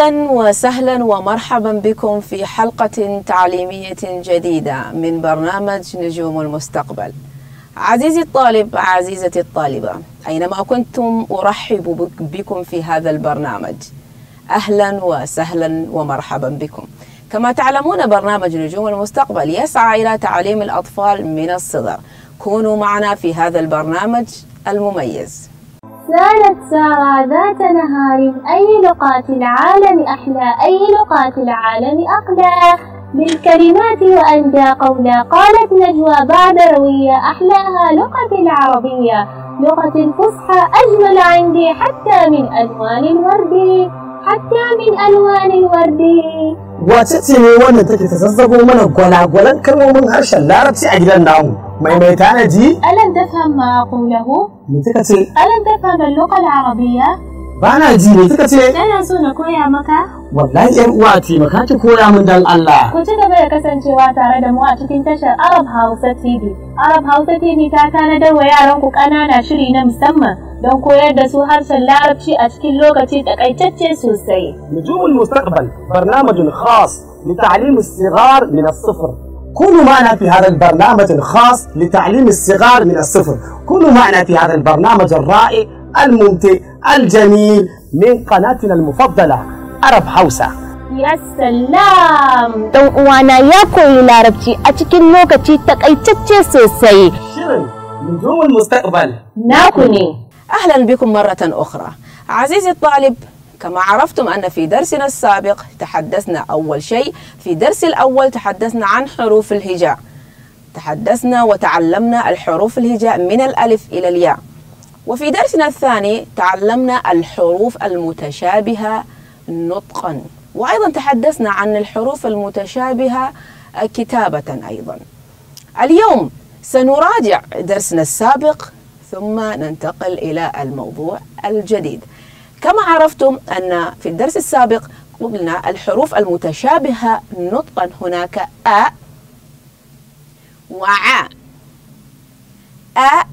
اهلا وسهلا ومرحبا بكم في حلقه تعليميه جديده من برنامج نجوم المستقبل. عزيزي الطالب عزيزتي الطالبه اينما كنتم ارحب بكم في هذا البرنامج. اهلا وسهلا ومرحبا بكم. كما تعلمون برنامج نجوم المستقبل يسعى الى تعليم الاطفال من الصغر. كونوا معنا في هذا البرنامج المميز. سالت سارة ذات نهار أي لقات العالم أحلى أي لقات العالم أقلى بالكلمات وأندى قولا قالت نجوى بعد روية أحلاها لغة العربية لغة الفصحى أجمل عندي حتى من ألوان الورد hatta min alwanin wardi wace ce ne wannan take ta zazzago mana gwalagwalan kalmomin harshen larabci a gidan namu maimaita tanaji alan tafham ma aqulahu me kika ce alan dafa al-lugha al ba na ji ne kika ce kana so na koya maka wallahi yan uwa ce maka ki koya min dan Allah ku ci gaba da kasancewa tare da mu a cikin tashar Arab Hausa TV Arab Hausa TV ta tanadar wa yaran ku kanana shiri na musamman don koyar da su harshen Larabci a cikin lokaci takaitacce sosai Nujumul Mustaqbal barnamijin khas لتعليم الصغار من الصفر كونوا معنا في هذا البرنامج الخاص لتعليم الصغار من الصفر كونوا معنا في هذا البرنامج الرائع الممتع الجميل من قناتنا المفضلة عرب حوسة يا سلام دون وانا يا koyi لاربتي a cikin lokaci takaitacce sosai. Shirin Nujumul المستقبل Naku أهلا بكم مرة أخرى عزيزي الطالب كما عرفتم أن في درسنا السابق تحدثنا أول شيء في درس الأول تحدثنا عن حروف الهجاء تحدثنا وتعلمنا الحروف الهجاء من الألف إلى الياء وفي درسنا الثاني تعلمنا الحروف المتشابهة نطقا وأيضا تحدثنا عن الحروف المتشابهة كتابة أيضا اليوم سنراجع درسنا السابق ثم ننتقل إلى الموضوع الجديد كما عرفتم أن في الدرس السابق قلنا الحروف المتشابهة نطقا هناك أ وع أ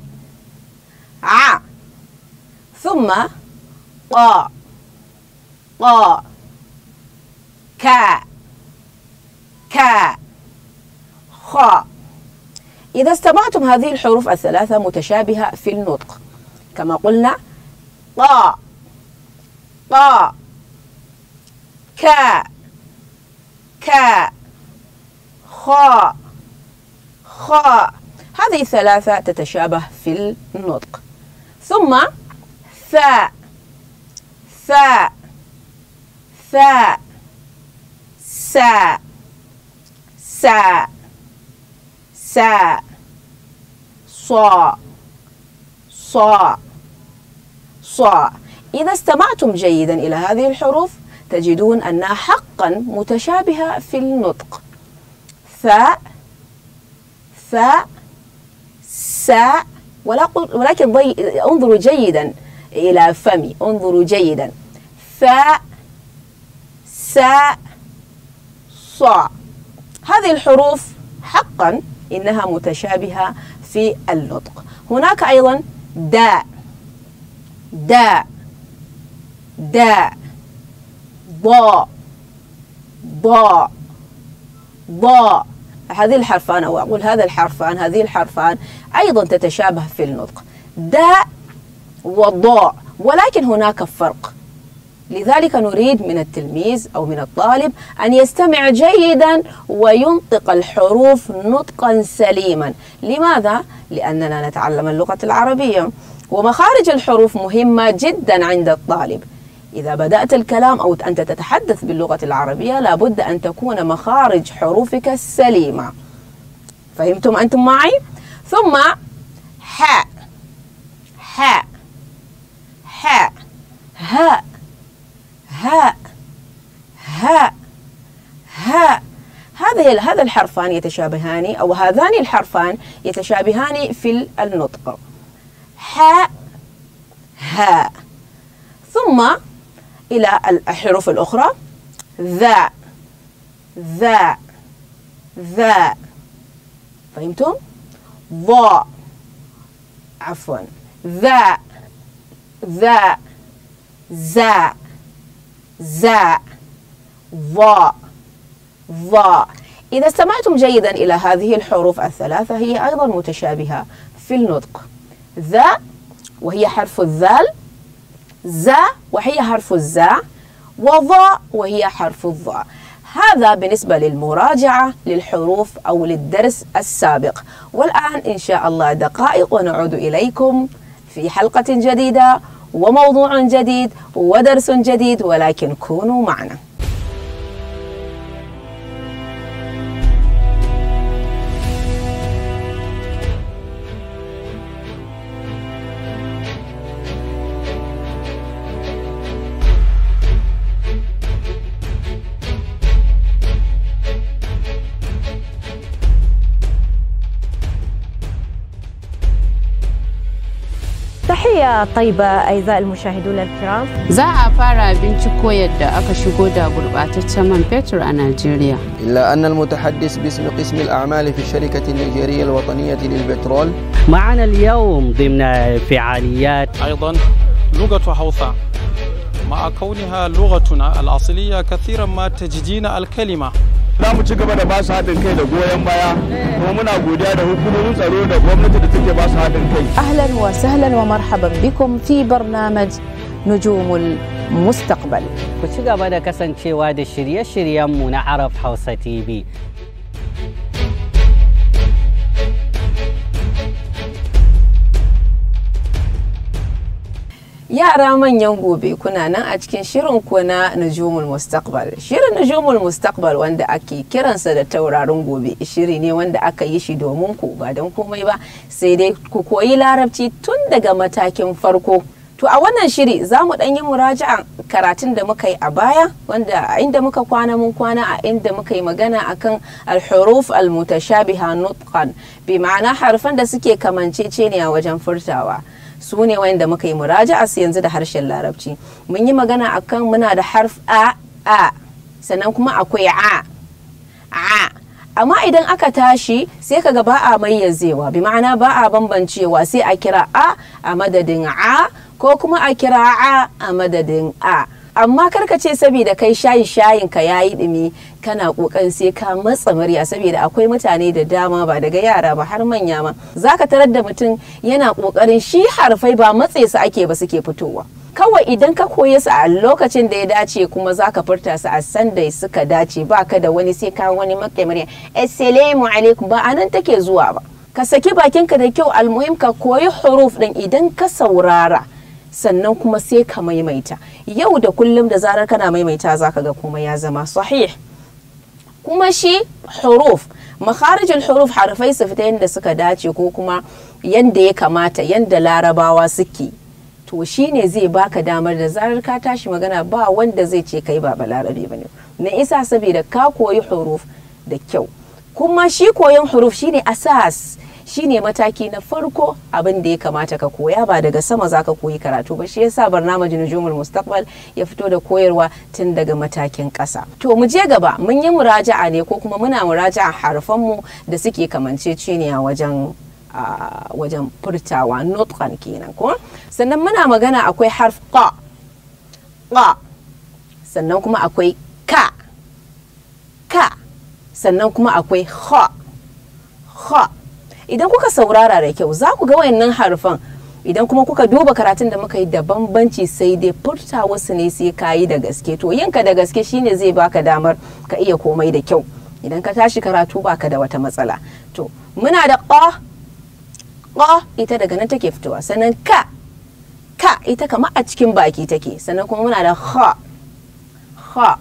ثم قا قا كا كا خا إذا استمعتم هذه الحروف الثلاثة متشابهة في النطق كما قلنا قا قا كا كا خا خا هذه الثلاثة تتشابه في النطق ثم ثاء ثاء ثاء ساء ساء ساء صاء صاء صاء إذا استمعتم جيدا إلى هذه الحروف تجدون أنها حقا متشابهة في النطق ثاء ثاء ساء ولكن انظروا جيدا إلى فمي انظروا جيدا ف س ص هذه الحروف حقا إنها متشابهة في النطق هناك أيضا داء داء داء ضاء ضاء ضاء هذه الحرفان أو أقول هذا الحرفان هذه الحرفان أيضا تتشابه في النطق داء والضوع ولكن هناك فرق لذلك نريد من التلميذ أو من الطالب أن يستمع جيدا وينطق الحروف نطقا سليما لماذا؟ لأننا نتعلم اللغة العربية ومخارج الحروف مهمة جدا عند الطالب إذا بدأت الكلام أو أنت تتحدث باللغة العربية لابد أن تكون مخارج حروفك سليمة فهمتم أنتم معي؟ ثم حاء حاء هاء هاء هاء هاء هذا هذا الحرفان يتشابهان او هذان الحرفان يتشابهان في النطق حاء هاء ثم الى الحروف الاخرى ذا ذا ذا فهمتم ضاء عفوا ذا ذا زاء زاء ظاء ظاء إذا استمعتم جيدا إلى هذه الحروف الثلاثة هي أيضا متشابهة في النطق ذا وهي حرف الذال زا وهي حرف الزاء وظاء وهي حرف الظاء هذا بالنسبة للمراجعة للحروف أو للدرس السابق والآن إن شاء الله دقائق ونعود إليكم في حلقة جديدة وموضوع جديد ودرس جديد ولكن كونوا معنا Lafiya taiba aiza almushahidu kiram. Za a fara binciko yadda aka shigo da gurbataccen man fetur a Najeriya. Illa annal mutahaddis bismi qismi al-a'mali fi sharikati al nigeriya al wataniya lil-petrol. ma'ana al-yawm dimna fa'aliyat ضمن فعاليات أيضا ma'a حوثة lughatuna al-asliya kathiran ma tajidina al-kalima za mu ci gaba da ba su hadin kai da goyen baya kuma muna godiya da hukumomin tsaro da gwamnati da take ba su hadin kai ahlan wa sahlan wa marhaban bikum fi barnamaj nujumul mustaqbal ku ci gaba da kasancewa da shirye shiryen mu na arab hausa tv yara manyan gobe kuna nan a cikin shirin ku na Nujumul Mustaqbal. Shirin Nujumul Mustaqbal wanda ake kiransa da taurarin gobe shiri ne wanda aka yi shi domin ku ba don komai ba sai dai ku koyi larabci tun daga matakin farko. To a wannan shiri za mu ɗan yi muraja'a karatun da muka yi a baya wanda a inda muka kwana mun kwana a inda muka yi magana akan al-huruf al-mutashabiha nutqan bi ma'ana harfan da suke a wajen furtawa. su ne wayanda muka yi muraja'a su yanzu da harshen larabci mun yi magana akan muna da harf a a sannan kuma akwai a a amma idan aka tashi sai kaga ba a mayyazewa bi ma'ana ba a bambancewa sai a kira a a madadin a ko kuma a kira a a madadin a amma karka ce saboda kai shayin shayin ka yayi dumi kana kokarin sai ka matsa murya saboda akwai mutane da dama ba daga yara ba har manya ma zaka tarar da mutum yana kokarin shi harfai ba matse su ake ba suke fitowa kawai idan ka koye su a lokacin da ya dace kuma za ka furta su a sanda suka dace ba ka da wani sai ka wani murya assalamu alaikum ba anan take zuwa ba ka saki bakinka da kyau almuhim ka koyi huruf din idan ka saurara sannan kuma sai ka maimaita yau da kullum da zarar kana maimaita za ka ga komai ya zama sahih kuma shi huruf makharijul huruf harfai su fita yadda suka dace ko kuma yadda ya kamata yadda larabawa suke to shine zai baka damar da zarar ka tashi magana ba wanda zai ce kai ba larabi bane na isa saboda ka koyi huruf da kyau kuma shi koyon huruf shine asas shine mataki na farko abin da ya kamata ka koya ba daga sama za ka koyi karatu ba shi yasa barnamajin jumul mustaqbal ya fito da koyarwa tun daga matakin ƙasa to mu je gaba mun yi muraja'a ne ko kuma muna muraja'a harfanmu da suke kamance wajen a wajen furtawa nutkan kenan ko sannan muna magana akwai harf qa qa sannan kuma akwai ka ka sannan kuma akwai kha kha idan kuka saurara da kyau za ku ga wayannan harfan idan kuma kuka duba karatun da muka yi da bambanci sai dai furta wasu ne sai ka yi da gaske to yinka da gaske shine zai baka damar ka iya komai da kyau idan ka tashi karatu baka da wata matsala to muna da ƙa ƙa ita daga nan take fitowa sannan ka ka ita kama a cikin baki take sannan kuma muna da ha ha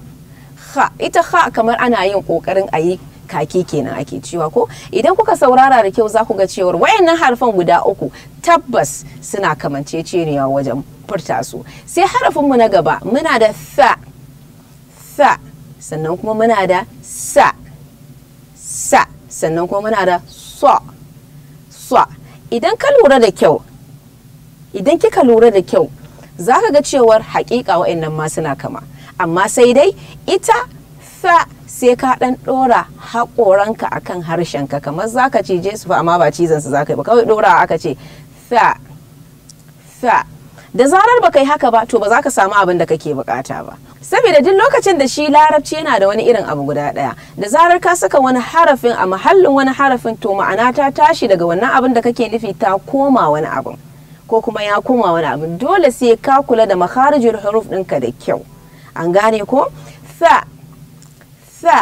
ha ita ha kamar ana yin ƙoƙarin ayi. kaki kenan ake cewa ko idan kuka saurara da kyau za ku ga cewar wayannan harfan guda uku tabbas suna kamanceceniya wajen furta su sai harafin mu na gaba muna da tha tha sannan kuma muna da sa sa sannan kuma muna da so so idan ka lura da kyau idan kika lura da kyau za ka ga cewar haƙiƙa wayannan ma suna kama amma sai dai ita fa sai ka dan dora haƙoranka akan harshenka kamar ka ce su fa amma ba cizon su zaka yi ba kawai dora aka ce fa fa da zarar ba yi haka ba to ba za ka samu abin da kake bukata ba saboda duk lokacin da shi larabci yana da wani irin abu guda daya da zarar ka saka wani harafin a mahallin wani harafin to ma'ana ta tashi daga wannan abin da kake nufi ta koma wani abin ko kuma ya koma wani abu dole sai ka kula da makharijul huruf ɗinka da kyau an gane ko fa fa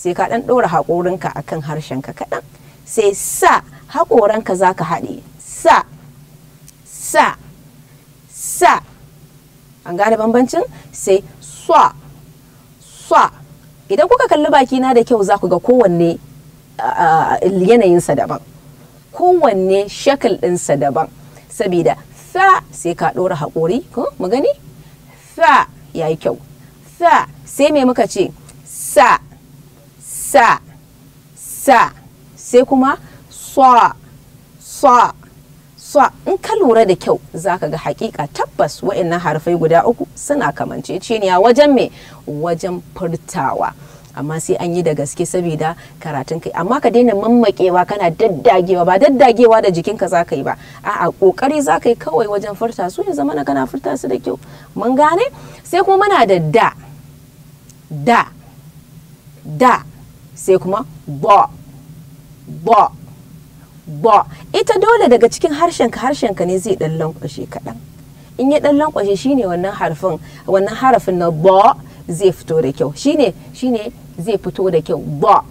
sai ka ɗan ɗora haƙorinka a kan harshenka kaɗan sai sa haƙoranka za ka haɗe sa sa sa an gane bambancin sai swa swa idan kuka kalli bakina da kyau za ku ga kowanne yanayinsa daban kowanne shakal ɗinsa daban sabida fa sai ka ɗora haƙori ko mu gani fa ya yi kyau fa sai me muka ce sa sa sa sai kuma sa so so in ka lura da kyau zaka ga haƙiƙa tabbas wa'annan harfai guda uku suna kamanceceniya wajen me wajen furtawa amma sai an yi da gaske saboda karatun kai amma ka daina mammakewa kana daddagewa ba daddagewa da jikinka za ka yi ba a'a kokari za ka yi kawai wajen furta su ya zama na kana furta su da kyau mun gane sai kuma muna da da da da sai kuma bo bo bo ita dole daga cikin harshenka harshenka ne zai dan lankwashe kaɗan in ya dan lankwashe shine wannan harfin wannan harafin na bo zai fito da kyau shine shine zai fito da kyau bo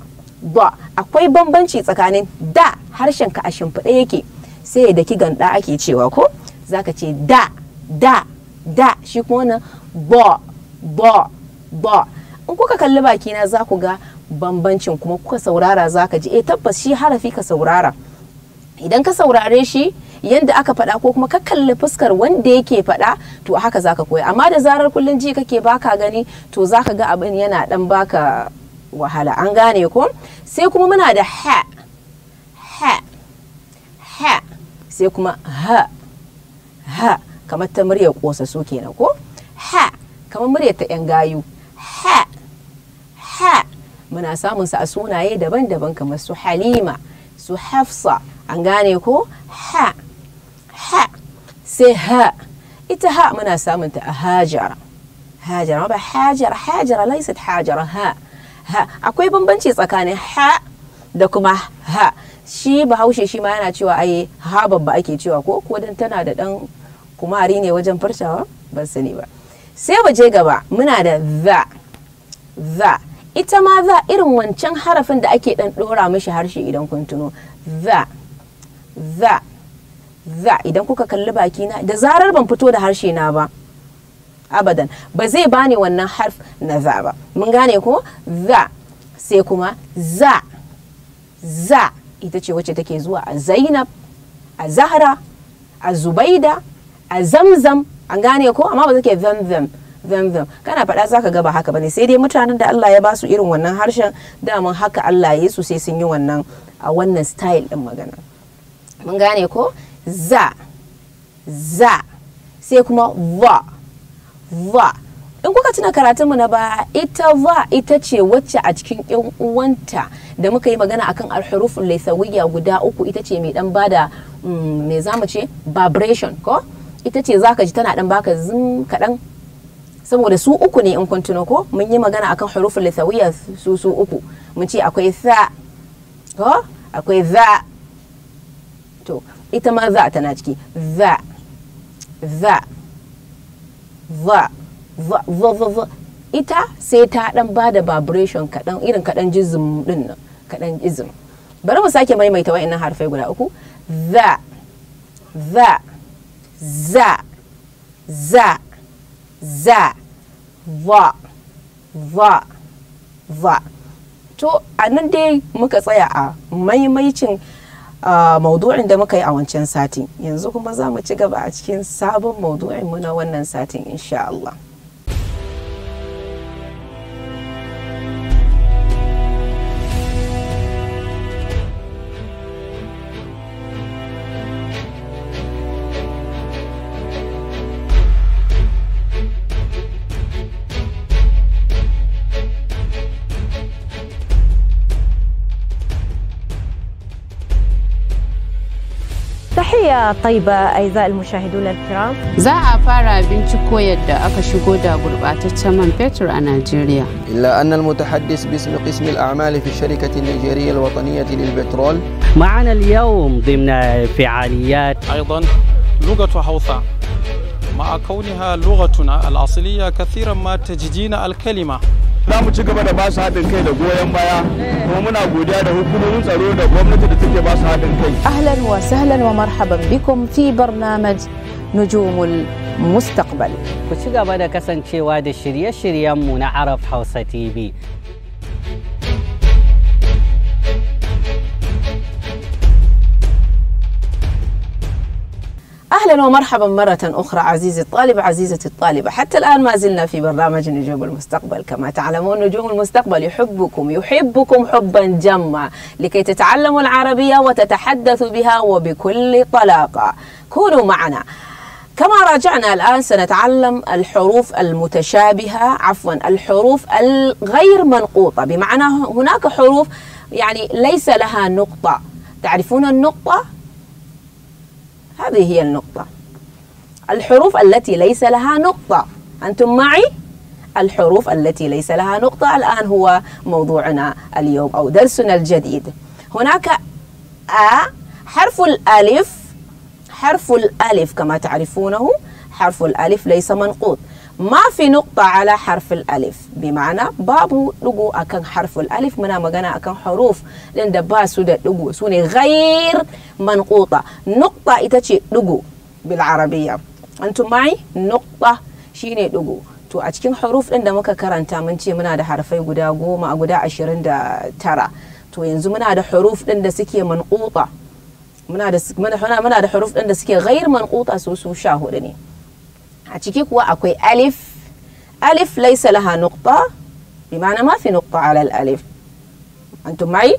bo akwai bambanci tsakanin da harshenka a shimfiɗe yake sai da kigan da ake cewa ko zaka ce da da da shi kuma wannan bo bo bo in kuka kalli bakina za ku ga bambancin kuma kuka saurara za ka ji eh tabbas shi harafi ka saurara idan ka saurare shi yadda aka faɗa ko kuma ka kalli fuskar wanda yake faɗa to haka za ka koya amma da zarar kullun ji kake baka gani to za ka ga abin yana dan baka wahala an gane ko sai kuma muna da ha ha ha sai kuma ha ha kamar ta muryar kosa su kenan ko ha kamar muryar ta yan gayu ha muna samun sa a sunaye daban-daban kamar su halima su hafsa an gane ko ha ha sai ha ita ha muna samun ta a hajara hajara ba hajara hajara laisat hajara ha ha akwai bambanci tsakanin ha da kuma ha shi bahaushe shi ma yana cewa ai ha babba ake cewa ko ko dan tana da dan kumari ne wajen farcawa ban sani ba sai mu je gaba muna da za za ita ma za irin wancan harafin da ake dan dora mishi harshe idan kun tuno za za za idan kuka kalli baki na da zarar ban fito da harshe na ba abadan ba zai bani wannan harf na za ba mun gane ko za sai kuma za za ita ce wacce take zuwa a zainab a zahra a zubaida a zamzam an gane ko amma ba zake zamzam zamzam kana faɗa zaka ga ba haka bane sai dai mutanen da Allah ya ba su irin wannan harshen daman haka Allah ya su sai sun yi wannan a wannan style din magana mun gane ko za za sai kuma va va in kuka tuna karatun mu na ba ita va ita ce wacce a cikin yan uwanta da muka yi magana akan alhurufun laysawiyya guda uku ita ce mai dan bada mm, me zamu ce vibration ko ita ce zaka ji tana dan baka zum kadan saboda su uku ne in kun ko mun yi magana akan huruful lithawiyya su su uku mun ce akwai za ko akwai za to ita ma za tana ciki za za za za za za ita sai ta dan ba da vibration kadan irin kadan jizm din nan kadan jizm bari mu sake maimaita wa'annan harfai guda uku za za za za za va va va to a nan dai muka tsaya a maimaicin maudu'in da muka yi a wancan satin yanzu kuma za mu ci gaba a cikin sabon maudu'in na wannan satin insha Allah. lafiya taiba aiza almushahidun alkiram za a fara binciko yadda aka shigo da gurbataccen man fetur a Najeriya illa anna almutahaddis bismi qism al'amal fi sharikati alnijeriya alwataniyya lilpetrol معنا اليوم ضمن فعاليات ايضا لغه هوسه مع كونها لغتنا الاصليه كثيرا ما تجدين الكلمه zamu ci gaba da ba su hadin kai da goyen baya kuma muna godiya da hukumomin tsaro da gwamnati da take ba su hadin kai ahlan wa sahlan wa marhaban bikum fi barnamaj nujumul mustaqbal ku ci gaba da kasancewa da shirye shiryen mu na arab hausa tv أهلا ومرحبا مرة أخرى عزيزي الطالب عزيزتي الطالبة حتى الآن ما زلنا في برنامج نجوم المستقبل كما تعلمون نجوم المستقبل يحبكم يحبكم حبا جما لكي تتعلموا العربية وتتحدثوا بها وبكل طلاقة كونوا معنا كما راجعنا الآن سنتعلم الحروف المتشابهة عفوا الحروف الغير منقوطة بمعنى هناك حروف يعني ليس لها نقطة تعرفون النقطة هذه هي النقطة الحروف التي ليس لها نقطة أنتم معي؟ الحروف التي ليس لها نقطة الآن هو موضوعنا اليوم أو درسنا الجديد هناك أ حرف الألف حرف الألف كما تعرفونه حرف الألف ليس منقوط ma fi nukta ala harfin alif bi ma'ana babu digo akan harfin alif muna magana akan haruf din da ba su da digo su ne ghair manquta nukta ita ce digo bil arabiyya antum mai nukta shine digo to a cikin haruf din da muka karanta mun ce muna da harfai guda goma a guda ashirin da tara to yanzu muna da haruf din da suke manquta muna da muna da huruf din da suke ghair manquta su su sha hudu ne a ciki kuwa akwai alif alif laisa laha nuqta bi ma'ana ma fi nuqta ala al-alif antum mai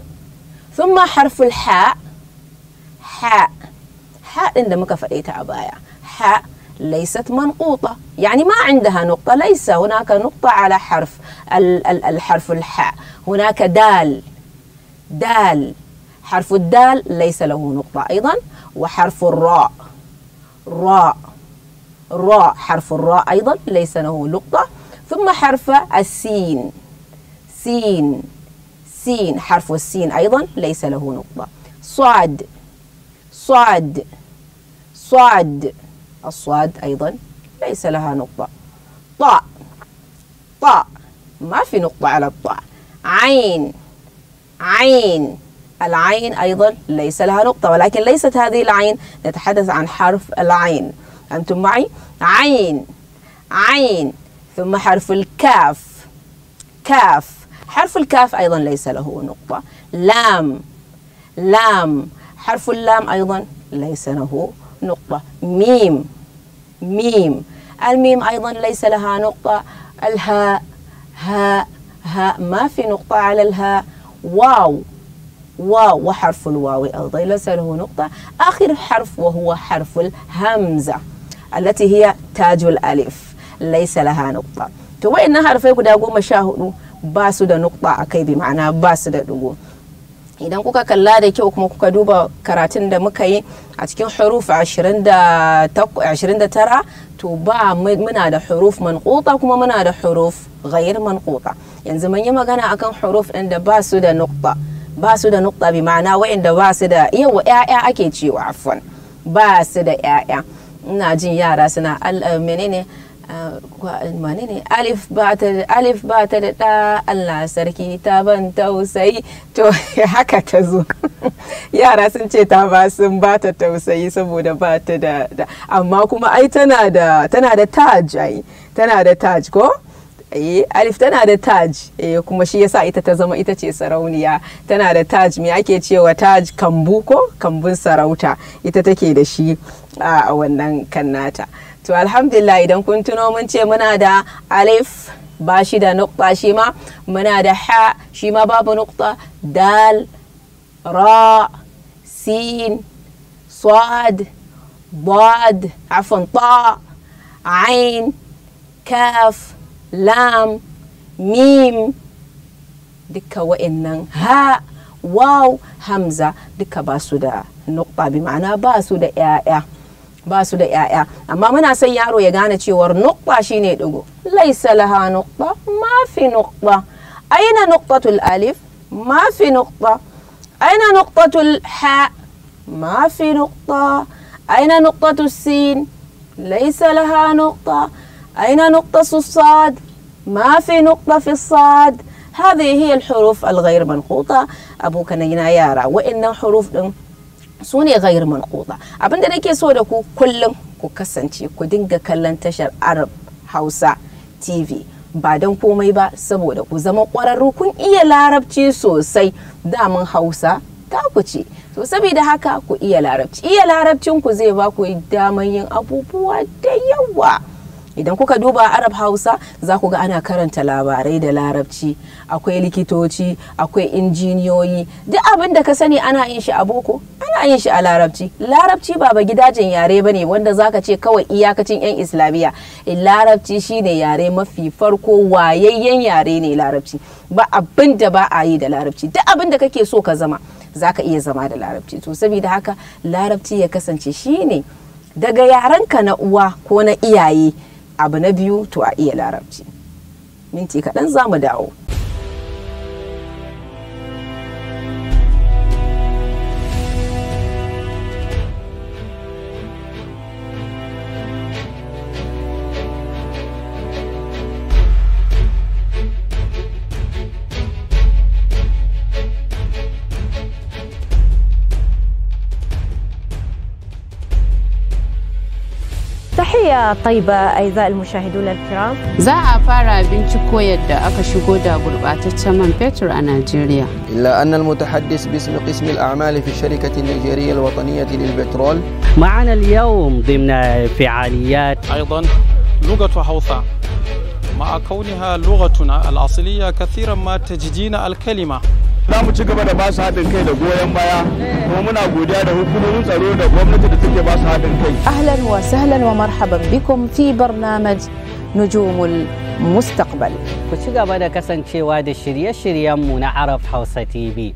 thumma harful ha ha ha din da muka faɗe ta a baya ha ليست منقوطة يعني ما عندها نقطة ليس هناك نقطة على حرف الحرف الحاء هناك دال دال حرف الدال ليس له نقطة أيضا وحرف الراء راء الراء حرف الراء أيضا ليس له نقطة ثم حرف السين سين سين حرف السين أيضا ليس له نقطة صعد صعد صعد الصاد أيضا ليس لها نقطة طاء طاء ما في نقطة على الطاء عين عين العين أيضا ليس لها نقطة ولكن ليست هذه العين نتحدث عن حرف العين أنتم معي عين عين ثم حرف الكاف كاف حرف الكاف أيضا ليس له نقطة لام لام حرف اللام أيضا ليس له نقطة ميم ميم الميم أيضا ليس لها نقطة الهاء هاء هاء ما في نقطة على الهاء واو واو وحرف الواو أيضا ليس له نقطة آخر حرف وهو حرف الهمزة allati hiya tajul alif laysa laha nuqta to wayannan harfai guda goma sha hudu ba su da nukta a kai bi ma'ana ba su da idan kuka kalla da kyau kuma kuka duba karatun da muka yi a cikin huruf 29 to ba muna da huruf manquta kuma muna da huruf ghayr manquta yanzu mun yi magana akan huruf din da ba su da nukta ba su da bi ma'ana wa'inda ba su da yawa 'ya'ya ake cewa afwan ba su da 'ya'ya ina jin yara suna eh, menene menene eh, alif ba ta da ɗa Allah sarki ta ban tausayi to haka ta zo yara sun ce ta ba sun ba ta tausayi saboda ba ta da amma kuma ai tana da tana da taj ai tana da taj ko eh alif tana da taj eh kuma shi yasa ita ta zama ita ce sarauniya tana da taj me ake cewa taj kambu ko kambun sarauta ita take da shi a wannan kannata to alhamdulillah idan kun tuno mun ce muna da alif ba shi da nukta shi ma muna da ha shi ma babu nukta dal ra sin صاد ضاد عفوا طاء عين كاف لام ميم duka وإنن ها واو همزة دكا باسودا النقطة بمعنى باسودا يا يا ba su da 'ya'ya amma muna son yaro ya gane cewar nuqba shine dugo laisa laha nuqba ma fi nuqba aina nukbatul alif ma fi nukba aina nukbatul ha ma fi nuqta aina نقطة sin ليس laha nuqta aina نقطة sad ما في نقطة في الصاد هذه هي الحروف الغير منقوطة أبوك نينا يارا وإن حروف su ne ghair abin da nake so da ku kullum ku kasance ku dinga kallon tashar arab hausa tv ba don komai ba saboda ku zama kwararru kun iya larabci sosai damin hausa ta ku ce to saboda haka ku iya larabci iya larabcin ku zai ba ku daman yin abubuwa da yawa idan kuka duba arab hausa za ku ga ana karanta labarai da larabci akwai likitoci akwai injiniyoyi duk abin da ka sani ana yin shi a boko ana yin shi a larabci larabci ba ba gidajen yare ba ne wanda za ka ce kawai iyakacin yan islamiyya eh, larabci shine yare mafi farko wayayyen yare ne larabci ba abin da ba a yi da larabci duk abin da kake so ka zama za ka iya zama da larabci to saboda haka larabci ya kasance shine daga yarenka na uwa ko na iyaye abu na biyu to a iya larabci minti kaɗan za mu dawo طيبة أيضا المشاهدون الكرام زا أفارا بنتكو يدى أكا شغودا من بيتر أنا نيجيريا إلا أن المتحدث باسم قسم الأعمال في الشركة النيجيرية الوطنية للبترول معنا اليوم ضمن فعاليات أيضا لغة حوثة مع كونها لغتنا الأصلية كثيرا ما تجدين الكلمة zamu ci gaba da ba su hadin kai da goyen baya kuma muna godiya da hukumomin tsaro da gwamnati da take ba su hadin kai ahlan wa sahlan wa marhaban bikum fi barnamaj nujumul mustaqbal ku ci gaba da kasancewa da shirye shiryen mu na arab hausa tv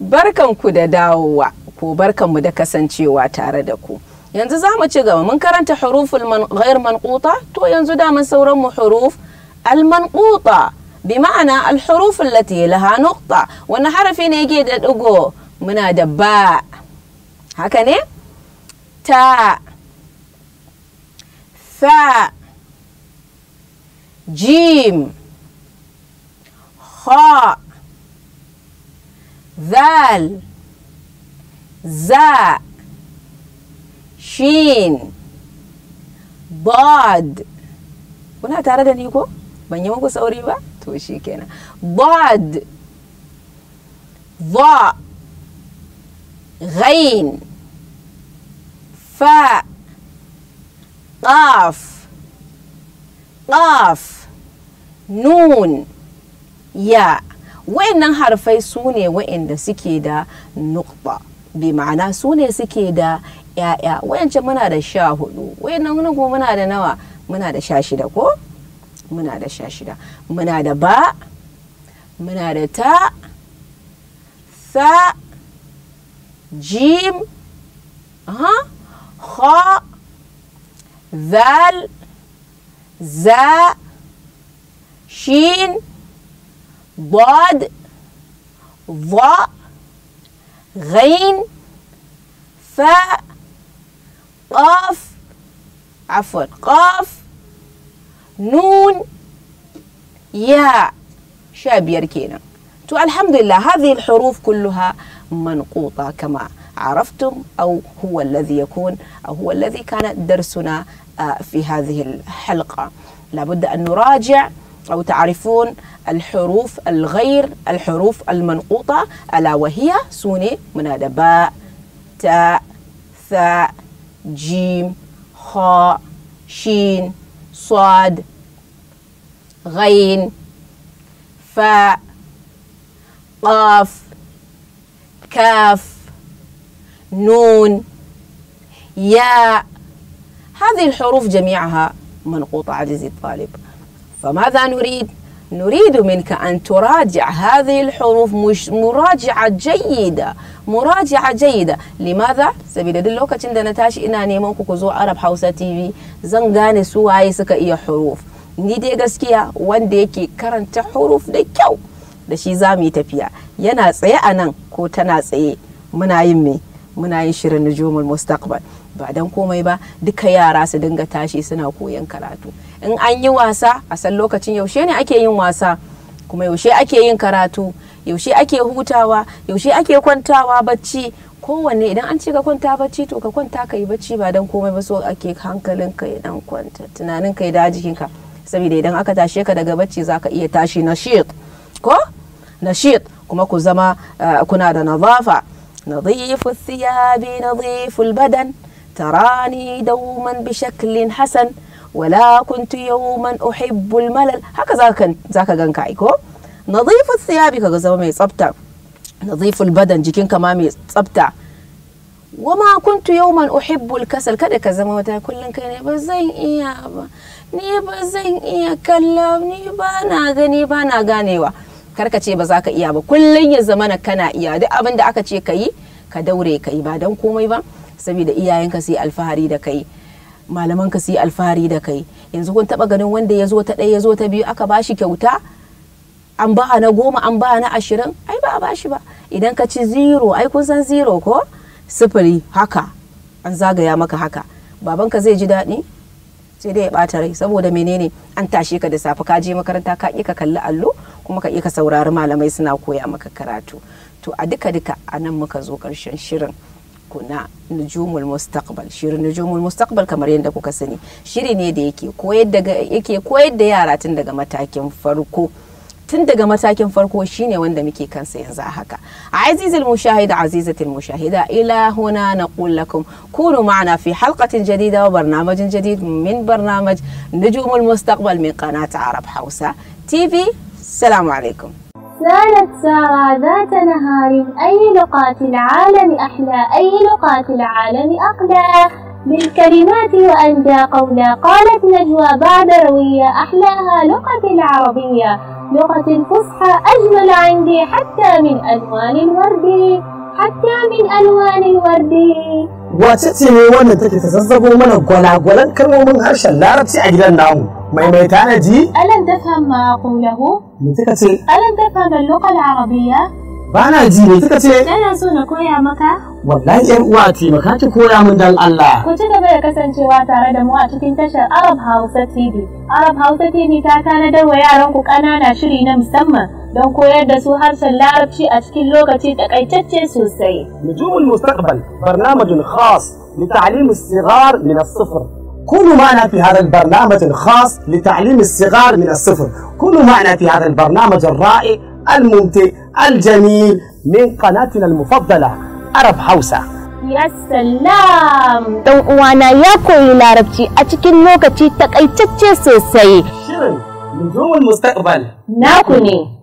barkanku da dawowa ko barkanmu da kasancewa tare da ku yanzu za mu ci gaba mun karanta huruful man ghair manquta to yanzu da mun sauran mu huruf al manquta bi ma'ana al huruf allati laha nuqta wani harfi ne yake da dugo muna da ba haka ne ta fa jim kha ذال زاء shin bod kuna tare da ni ko ban yi muku sauri ba to shi kenan bod va ghain fa qaf qaf nun ya wayannan harfai su ne wayanda suke da nukba bi ma'ana su ne suke da 'ya'ya wayancan muna da sha hudu wayannan kuma muna da nawa muna da sha shida ko muna da sha shida muna da ba muna da ta sa jim ha zal za shin ضاد ظا غين فاء قاف عفوا قاف نون ياء شاب يركينا تو الحمد لله هذه الحروف كلها منقوطة كما عرفتم أو هو الذي يكون أو هو الذي كان درسنا آه، في هذه الحلقة لابد أن نراجع أو تعرفون الحروف الغير الحروف المنقوطة ألا وهي سوني منادباء باء تاء ثاء جيم خاء شين صاد غين فاء قاف كاف نون ياء هذه الحروف جميعها منقوطة عزيزي الطالب فماذا نريد نريد منك أن تراجع هذه الحروف مش مراجعة جيدة مراجعة جيدة لماذا؟ سبيل دل لوكا تندنا ku إنا arab كوكوزو عرب حوسة gane su waye suka إيا حروف ni dai gaskiya wanda yake karanta huruf da kyau da shi za mu yi tafiya yana tsaye a nan ko tana tsaye muna yin me muna yin shirin nujumul mustaqbal ba dan komai ba duka yara su dinga tashi suna koyon karatu in an yi wasa a san lokacin yaushe ne ake yin wasa kuma yaushe ake yin karatu yaushe ake hutawa yaushe ake kwantawa bacci kowanne idan an ce ka kwanta bacci to ka kwanta ka yi bacci ba don komai ba so ake hankalin ka dan kwanta tunanin ka da jikinka saboda idan aka tashe ka daga bacci zaka iya tashi nashid ko nashid kuma ku zama eh, kuna da nazafa نظيف الثياب نظيف البدن تراني دوما بشكل حسن wala kuntu yawman uhibbul malal haka zaka zaka ganka aiko nadhifu thiyabi kaga zama mai tsafta nadhiful badan jikinka ma mai tsafta wama kuntu yawman uhibbul kasal kada ka zama wata kullun kai ne ba zan iya ba ni ba zan iya kalla ni ba na gani ba na ganewa karka ce ba za ka iya ba kullun ya zama na kana iya duk abin da aka ce ka yi ka daure ka yi ba don komai ba saboda iyayenka sai alfahari da kai malaman ka su yi alfahari da kai yanzu kun taba ganin wanda ya zo ta ɗaya ya zo ta biyu aka bashi kyauta an ba na goma an ba na ashirin ai ba a bashi ba idan ka ci zero ai kun san zero ko sifiri haka an zagaya maka haka babanka zai ji daɗi sai dai ya ɓata rai saboda menene an tashe ka da safe ka je makaranta ka ƙi ka kalli allo kuma ka ƙi ka saurari malamai suna koya maka karatu to a duka duka a nan muka zo ƙarshen shirin kuna nujumul mustaqbal shirin nujumul mustaqbal kamar yadda kuka sani shiri ne da yake koyar da yake koyar da yara tun daga matakin farko tun daga matakin farko shine wanda muke kansa yanzu a haka عزيزي mushahida عزيزتي المشاهدة إلى هنا نقول لكم كونوا معنا في حلقة جديدة وبرنامج جديد jadid min نجوم المستقبل mustaqbal min عرب arab hausa tv السلام عليكم سالت سارة ذات نهار أي لقاة العالم أحلى أي لقاة العالم أقلى بالكلمات وأندى قولا قالت نجوى بعد روية أحلاها لغة العربية لغة الفصحى أجمل عندي حتى من ألوان الورد حتى من ألوان الورد وتأتي وانا تتزغزغ من غلا غلا كلمة من لا العرب أجلا أجلنا mai mai tanaji? Alan dafa ma kulahu? Me kika ce? Alan dafa ga lokal arabiya? Ba na ji me kika ce? Kana so na koya maka? Wallahi yan uwa taimaka ki koya min dan Allah. Ku ci gaba da kasancewa tare da mu a cikin tashar Arab Hausa TV. Arab Hausa TV ta tanadar wa yaran ku ƙanana shiri na musamman don koyar da su harshen Larabci a cikin lokaci takaitacce sosai. Nujumul Mustaqbal barnamijin khas لتعليم الصغار من الصفر كونوا معنا في هذا البرنامج الخاص لتعليم الصغار من الصفر كونوا معنا في هذا البرنامج الرائع الممتع الجميل من قناتنا المفضلة عرب حوسة يا سلام دون وانا ya koyi larabci a cikin lokaci takaitacce sosai. Shirin Nujumul Mustaqbal.